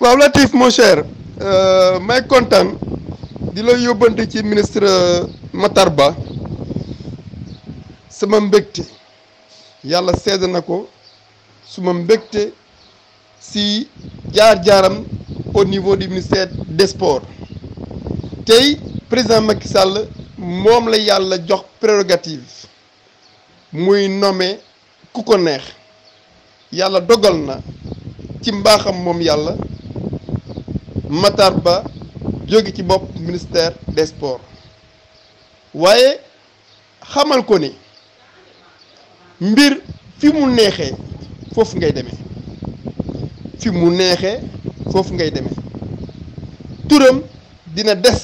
waaw Latif mon cher euh, may kontaan di la yóbbante ci ministre euh, matarba, Ba sama mbégte yàlla seede na ko suma mbégte si jar jaram au niveau du ministère des sports tey président Macky Sall moom la yalla jox prérogative muy nommer kuko neex yalla. dogal na ci mbaxam mom yalla Matarba, Ba ci ministère des sports waaye xamal ko ne mbir fi mu neexee foofu ngay démé fi mu faut foofu ngay le touram dina des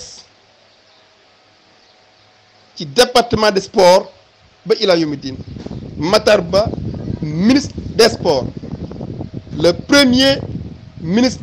ci département des sports ba ilaa yomi matarba ministre des sports le premier ministre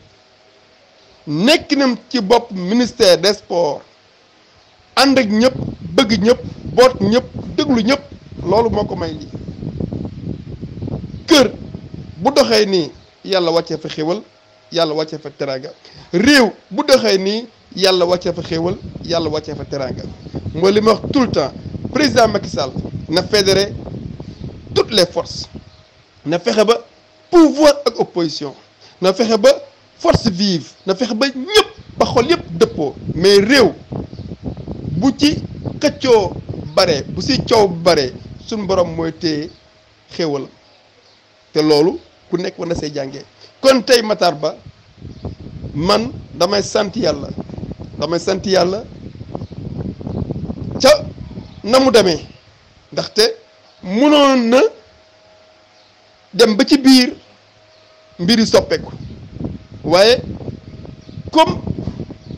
nekkinam ci bop ministère des sports ànd ak Ils bëgg ñep bot ñep deglu ñep lolu moko may bu doxé ni yalla wacce fa xewal yalla wacce fa bu fa tout le temps président Macky Sall na fédéré toutes les forces na fexé ba pouvoir ak opposition na fexé ba. force vive na fexe ba ñëpp ba xol yëpp dëppoo mais réew bu ci xëccoo bare bu ci coow bare suñ borom mooy téye xéwal te loolu ku nekk war na say jànge kon tey Matar Ba man damay sant yàlla damay sant yàlla ca na mu demee ndaxte mënoon na dem ba ci biir mbiri soppeeku waaye comme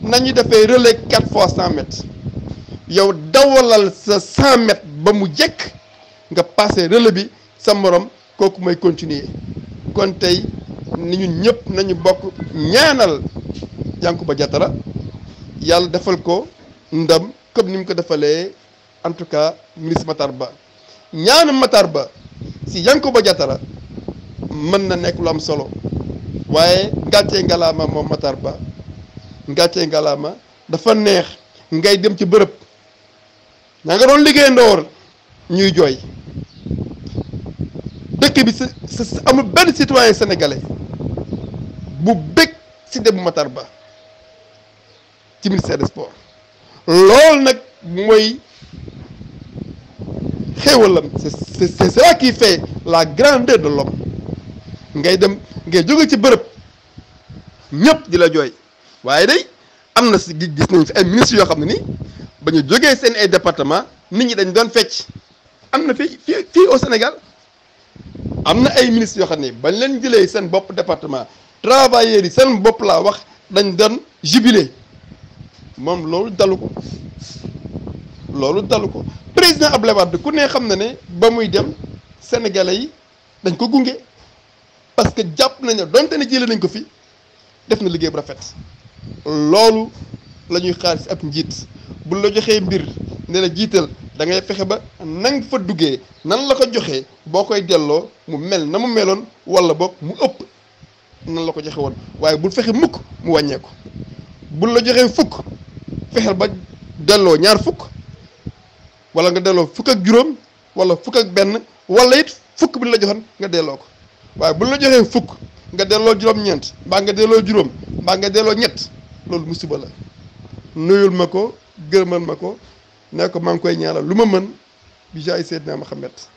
nañu defee relais quatre fois cent yow dawalal sa cent ba mu jekk nga passé relais bi sa morom kooku mooy continuer kon tey ni ñun ñëpp nañu bokk ñaanal Yankuba Diattara yàlla defal ko ndam comme ni mu ko defalee en tout cas ministre Matar Ba ñaanu Matar Ba si Yankuba jatara mën na nekk lu am solo waye ngàccee ngalama mom Matar Ba ngàccee ngalama dafa neex ngay dem ci beurep na nga don liggéey ndor ñuy joy dekk bi amu ben citoyen sénégalais bu bekk ci dem Matar Ba ci ministère des sports lol nak moy xewalam c'est ça qui fait la grandeur de l'homme ngay dem ngay jóge ci beurep ñëpp di la jooy waaye day am na si gis nañ fi ay ministres yoo xam ne ni ba ñu jógee seen ay département nit ñi dañ doon fecc am na fi fii fii au Sénégal am na ay ministres yoo xam ne bañ leen jëlee seen bopp département travailleurs yi seen bopp laa wax dañ doon jubilé moom loolu dalu ko loolu dalu ko président Abdoulaye Wade ku ne xam na ne ba muy dem sénégalais yi dañ ko gunge parce que jàpp nañu donte ne jëlee nañ ko fii def na liggéey bu rafet loolu la ñuy xaar si njiit bu la joxee mbir ne la jiital da ngay fexe ba nang fa duggee nan la ko joxe boo koy delloo mu mel na mu meloon wala boog mu ëpp nan la ko joxe woon waaye bul fexe mukk mu wàññeeku bul la joxee fukk fexeel ba delloo ñaar fukk wala nga delloo fukk ak juróom wala fukk ak benn wala it fukk bi la joxoon nga delloo ko waaye bu la joxee fukk nga delloo juróom-ñeent mbaa nga delloo juróom mbaa nga delloo ñett loolu mu musiba la nuyul ma ko gërëmal ma ko nekk ko maa ngi koy ñaanal lu ma mën bi jaay Seydina Muhammad